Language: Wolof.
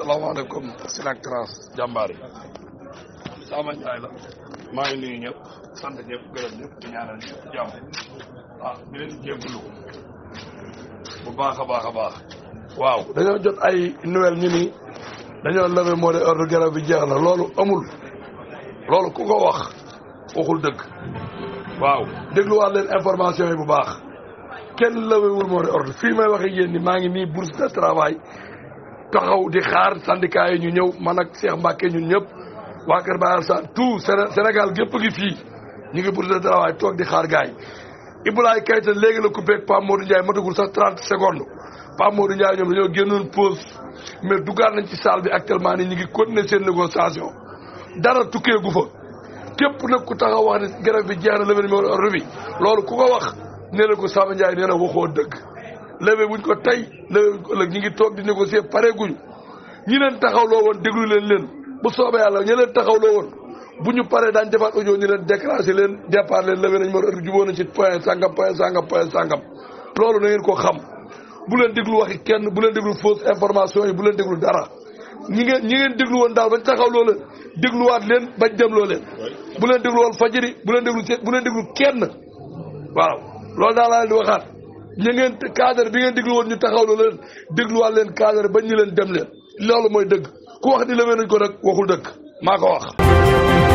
salaamaaleykum seen ak trans jàmbaar maa ngi nuyu ñëpp sant ñëpp gërëm ñëpp di ñëpp jàmm ah di leen jégalu bu baax a baax a baax waaw dañoo jot ay nouvelle ñu ni dañoo levé garab bi jeex na loolu amul loolu ku ko wax waxul dëgg waaw dégluwaat leen information yi bu baax kenn levé wul moo de ordre fii may waxe maa ngi nii bourse de travail taxaw di xaar syndicat yi ñu ñëw man ak Cheikh Mbacke ñun ñëpp waa Kër Baye Alassane tout Sénégal gépp ngi fii ñu ngi bourse de travail toog di xaar gaay Ibulaay Kayta léegi la coupé Pape Modou Ndiaye matagul sax 30 secondes Pape Modou Ndiaye ñoom dañoo génnoon pause mais duggaat nañ ci saal bi actuellement ni ñu ngi continuer seen négociation dara tukkee gu fa képp nag ku taxaw wax ne grève bi jeex na levée numéro bi loolu ku ko wax nee na ko Samba Ndiaye nee na waxoo lewee wuñ ko tey lewee wuñ ñu ngi toog di négocier pare guñu ñi leen taxaw loo woon déglu leen leen bu soobee yàlla ñi leen taxawloo woon bu ñu paree daan defaat audio ñu leen déclenché leen départ leen lewee nañ ma jubóo nañ ci point sangam point sangam point sangam loolu na ngeen ko xam bu leen déglu waxi kenn bu leen déglu fausse information yi bu leen déglu dara ñi ngeen ñi ngeen déglu woon daal bañ taxaw loola dégluwaat leen bañ dem loo leen bu leen déglu woon bu leen déglu bu leen déglu kenn waaw loolu daal laa di waxaat ya ngeen cadre bi ngeen déglu woon ñu taxawloo leen dégluwaat leen cadre ba ñu leen dem leen loolu mooy dëgg ku wax ni la nañ ko nag waxul dëgg maa ko wax